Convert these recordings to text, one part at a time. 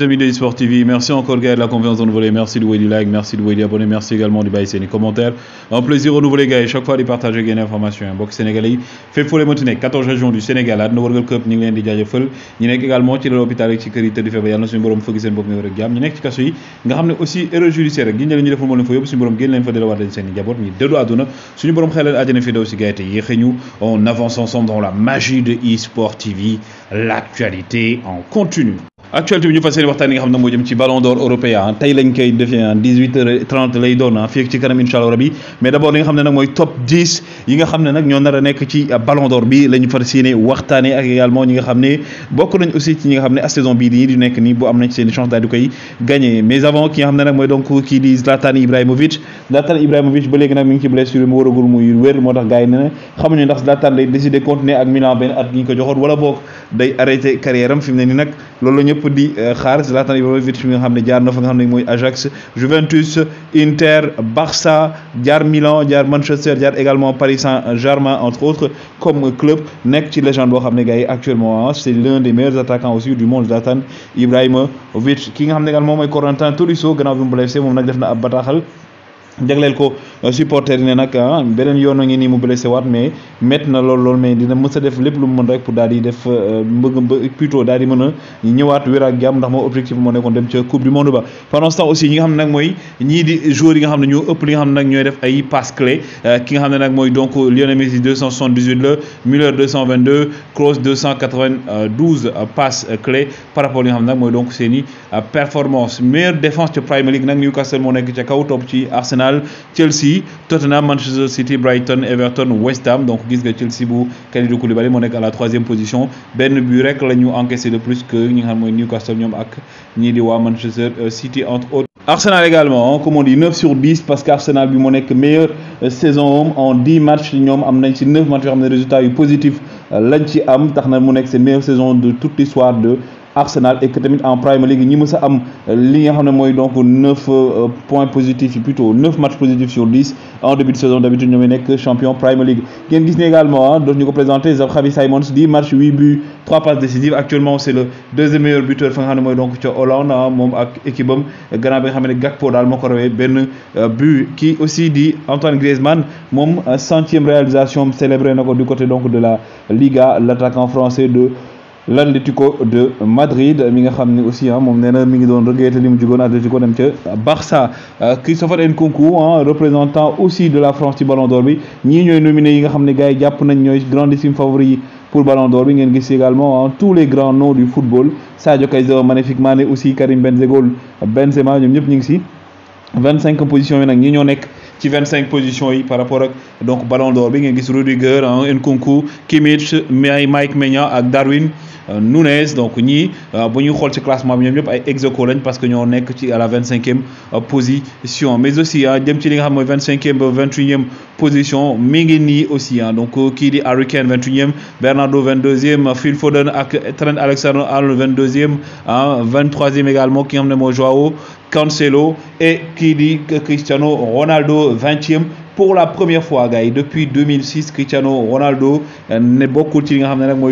Amis de Sport TV, merci encore gars de la confiance renouvelée, merci de vous du like, merci de vous abonné, merci également de baisser les commentaires. Un plaisir renouvelé gars, chaque fois de partager des informations. Boxe Sénégalais, fait pour les montiner, 14 régions du Sénégal, à Nouveau World Cup, nous l'avons déjà Il est sommes également sur l'hôpital et sécurité du février, nous sommes en train de faire des choses. Nous sommes en train de faire aussi erreur judiciaire, nous sommes en train de faire des choses, nous sommes en train de la des de nous sommes en train nous faire des choses, nous sommes en train de faire des choses, on avance ensemble dans la magie de Sport TV, l'actualité en continu. actualité bi ñu fas yéene waxtaan yi nga xam ne moo jëm ci ballon d'or européen tey lañ koy defee en 18 heures lay doon ah, fii ak ci kanam incha allah rabi mais d' li nga xam ne nag mooy top ñoo nar a nekk ci ballon d'or bi la ñu fas yéene waxtaanee ak également ñi nga xam ne bokk nañ aussi ñi nga xam ne à saison bii di nekk nii bu am nañ seen chance daal di koy gagné mais avant ki nga xam ne nag mooy donc kii di Zlatan Ibrahimovic Zlatan Ibrahimovic day arrêté carrière am ni nak lolou la ñëpp di euh, xaar Zlatan Ibrahimovic mi nga xamné jaar na fa nga xamné moy Ajax Juventus Inter Barça jaar Milan jaar Manchester jaar également Paris Saint-Germain entre autres comme club nek ci légende bo xamné gay actuellement ah, c'est l'un des meilleurs attaquants aussi du monde Zlatan Ibrahimovic ki nga xamné ne également moy Corentin Tolisso gannaaw bi mu blessé mom nak def na ab bataaxal jagleel ko euh, supporter yi ne nag ah, beneen yoon a ngi nii mu blessé wat mais met na lol lol mais dina mës def lepp lu mën rek pour daal di def euh, mbëgg plutôt daal di a ñëwaat wirak ak ndax mo objectif mo nekkon dem ci coupe du monde ba pendant ce temps aussi ñi nga xam nak moy ñi di joueurs yi nga xam ne ñoo ëpp li nga xam nak ñoy def ay passe clé euh, ki nga xam nak moy donc Lionel Messi 278 le Müller 222 Kroos 292 passe clé par rapport li nga xam nak moy donc c'est i performance meilleure défense de Premier League nak Newcastle mo nekk ci kaw topp ci Arsenal Chelsea Tottenham Manchester City Brighton Everton West Ham donc gis nga Chelsea bu Koulibaly à la troisième position Ben Burek, rek la encaissé de plus que ñi xam Newcastle ak Manchester euh, City entre autres. Arsenal également comme on dit 9 sur 10 parce qu'Arsenal Arsenal eu moo meilleure euh, saison en 10 matchs Ils ont 9 matchs yoo xam des résultats yu positifs euh, lañ ci am tax mu meilleure saison de toute l'histoire de. Arsenal et que en Premier League ñi am euh, li nga donc 9 euh, points positifs plutôt 9 matchs positifs sur 10 en début de saison d'habitude ñoom que champion prime League ngeen gis également hein, donc ko présenter 8 Simons 10 matchs 8 buts 3 passes décisives actuellement c'est le deuxième meilleur buteur fa nga donc Hollande hein, mon équipe bam gannaaw bi nga xam Gakpo daal euh, but qui aussi dit Antoine Griezmann 100 centième réalisation célébrée du côté donc de la Liga l'attaquant français de l'Atlético de Madrid mi nga xamni aussi hein ah, mom nee mi ngi doon regretté Atlético dem ci Barça euh, Christopher Nkunku hein représentant aussi de la France du Ballon d'Or bi ñi ñoy nominé yi nga xamni gaay japp nañ ñoy grandissime favori pour Ballon d'Or bi ngeen gis également ah, tous les grands noms du football Sadio Kaiser magnifique Mané aussi Karim Benzema Benzema ñom ñëpp ñu ngi 25 positions yi nak ñi ñoo nek ci 25 position yi par rapport ak donc ballon d'or bi ngeen gis Rudiger hein, Nkunku Kimmich Mike Maignan ak Darwin euh, Nunes donc nous, euh, bu ñu xol ci classement bi ñom ñep ay execo lañ parce que nous nekk ci à la 25e euh, position mais aussi dem hein, ci li nga xam moy 25e 28e position mi ngi ni aussi hein donc ki di Harry Kane e Bernardo 22e Phil Foden ak Trent Alexander-Arnold 22e 23e hein, également qui amène moi Joao Cancelo et qui dit que Cristiano Ronaldo 20e pour la première fois gars depuis 2006 Cristiano Ronaldo euh, n'est pas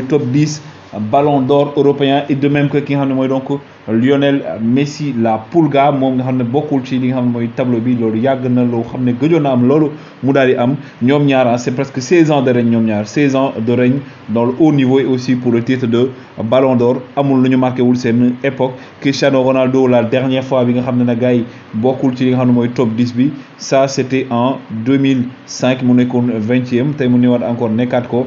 top 10 ballon d'or européen et de même que ki nga xam donc Lionel Messi la Pulga moom nga xam bokul ci li nga xam moy tableau bi lolu yag na lo xam ne gëjoon na am mu daal am ñom ñaar c'est presque 16 ans de règne ñom ñaar 16 ans de règne dans le haut niveau et aussi pour le titre de ballon d'or amul lu ñu marqué wul sen époque Cristiano Ronaldo la dernière fois bi nga xam na gars bokul ci li nga xam moy top 10 bi ça c'était en 2005 mu nekkoon 20e tay mu ñëwaat encore nekkaat ko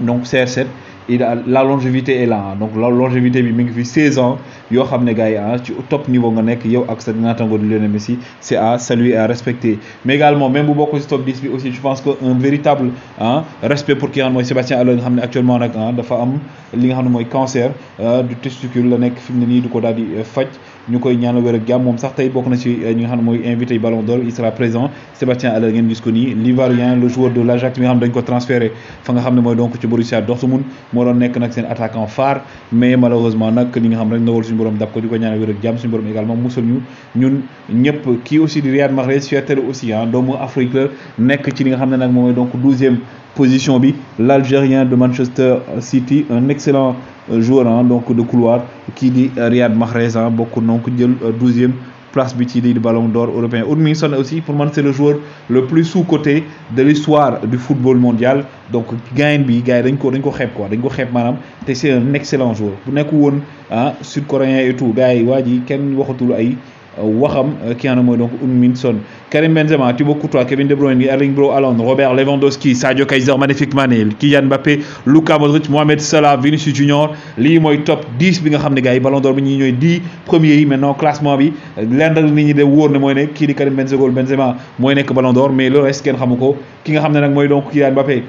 donc CR7 et la longévité est là hein. donc la longévité il mi mis 16 ans yo xamné ne gars yi ah, ci top niveau nga nek yow ak sa naatango di Lionel Messi c'est à saluer et à respecter mais également même bu bokk ci top 10 bi aussi je pense que un véritable hein respect pour qui nga xam Sébastien Haller nga xamné actuellement nak ah dafa am li nga xamné moy cancer cancer ah, du testicule la nek fi ni ne nii du ko daal di eh, ñu koy ñaanal wër ak jàmm mom sax tay bokk na ci eh, ñi nga xamné moy invité Ballon d'Or il sera présent Sébastien Haller ngeen gis ko ni l'Ivoirien le joueur de l'Ajax mi nga xamné dañ ko transféré fa nga xamné moy donc ci Borussia Dortmund mo doon nek nak sen attaquant phare mais malheureusement nak li nga xamné rek suñu borom dab ko di ko ñaanal wér ak jàmm suñu borom également musul ñu ñun ñëpp kii aussi di Riyad Mahrez fierté aussi hein doomu Afrique la nekk ci li nga xam ne nag moom mooy donc douzième position bi l'Algérien de Manchester City un excellent euh, joueur hein donc de couloir kii di euh, Riyad Mahrez hein bokk donc jël euh, douzième place bi de ballon d'or européen Hudminson aussi pour moi, c'est le joueur le plus sous côté de l'histoire du football mondial donc gain bi gars yi ko dañ ko quoi c'est un excellent joueur Pour nous, woon ah, sud-coréen et tout gars Wadi, Ken, ji waxam euh, qui moy donc heung Karim Benzema Thibaut Courtois Kevin De Bruyne Erling Bro, Alon, Robert Lewandowski Sadio Kaiser Magnifique Manel, Kylian Mbappé Luka Modric Mohamed Salah Vinicius Junior li moy top 10 bi nga xamné Ballon d'Or bi ñi 10 premiers yi maintenant classement bi lenn nit ñi de Wurne, ne mooy Karim Benzema Benzema moy Ballon d'Or mais le reste qui xamuko ki nga donc Kylian Mbappé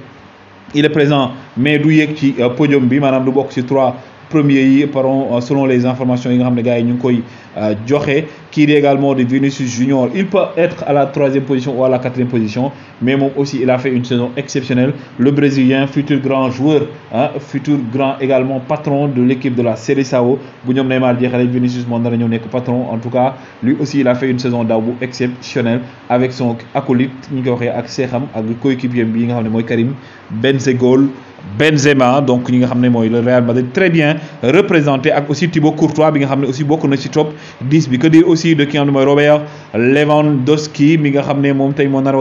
il est présent mais du yéeg ci euh, podium bi manam du bok ci 3 premier euh, selon les informations yi nga xam ne gars qui euh, également de Vinicius Junior il peut être à la troisième position ou à la quatrième position mais moi aussi il a fait une saison exceptionnelle le Brésilien futur grand joueur hein, futur grand également patron de l'équipe de la Sao bu ñoom Neymar jeexalee Vinicius moom n'est que patron en tout cas lui aussi il a fait une saison daaw exceptionnelle avec son acolyte ñu koy avec ak ak coéquipier bi nga xam ne Karim Benzegol. Benzema donc nous nga le Real Madrid très bien représenté ak aussi Thibaut Courtois bi nga aussi beaucoup de ci 10 que aussi de qui Robert Lewandowski mi nga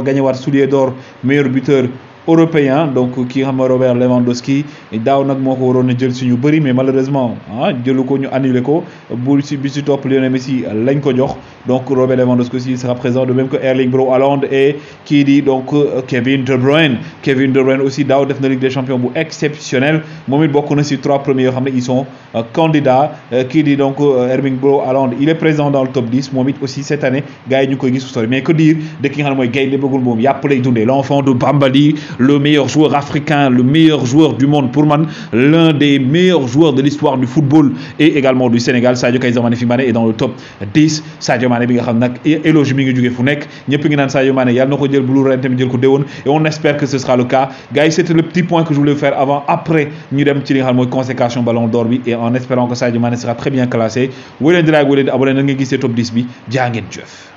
gagné waat soulier d'or meilleur buteur européen donc qui a Robert Lewandowski et nak moko ko a jël mais malheureusement ah jëlu ko ñu annulé ko bu bi si lañ ko jox donc Robert Lewandowski aussi sera présent de même que Erling Braut et qui dit donc Kevin De Bruyne Kevin De Bruyne aussi daw def na Ligue des champions bu exceptionnel Mohamed bokku trois premiers ils sont euh, candidats qui euh, dit donc euh, Erling Braut il est présent dans le top 10 Mohamed aussi cette année il est ñu koy gis top mais que dire de ki nga xam ne mooy bëggul mom yapp lay l'enfant de Bambali le meilleur joueur africain, le meilleur joueur du monde pour Man, l'un des meilleurs joueurs de l'histoire du football et également du Sénégal Sadio Kay Zamani Mané est dans le top 10 Sadio Mané bi nga xam nag éloge mi Sadio Mané et on espère que ce sera le cas Guys, c'était le petit point que je voulais faire avant après nous dem ci consécration ballon d'or et en espérant que Sadio Mané sera très bien classé Je vous di like à top 10 bi jaa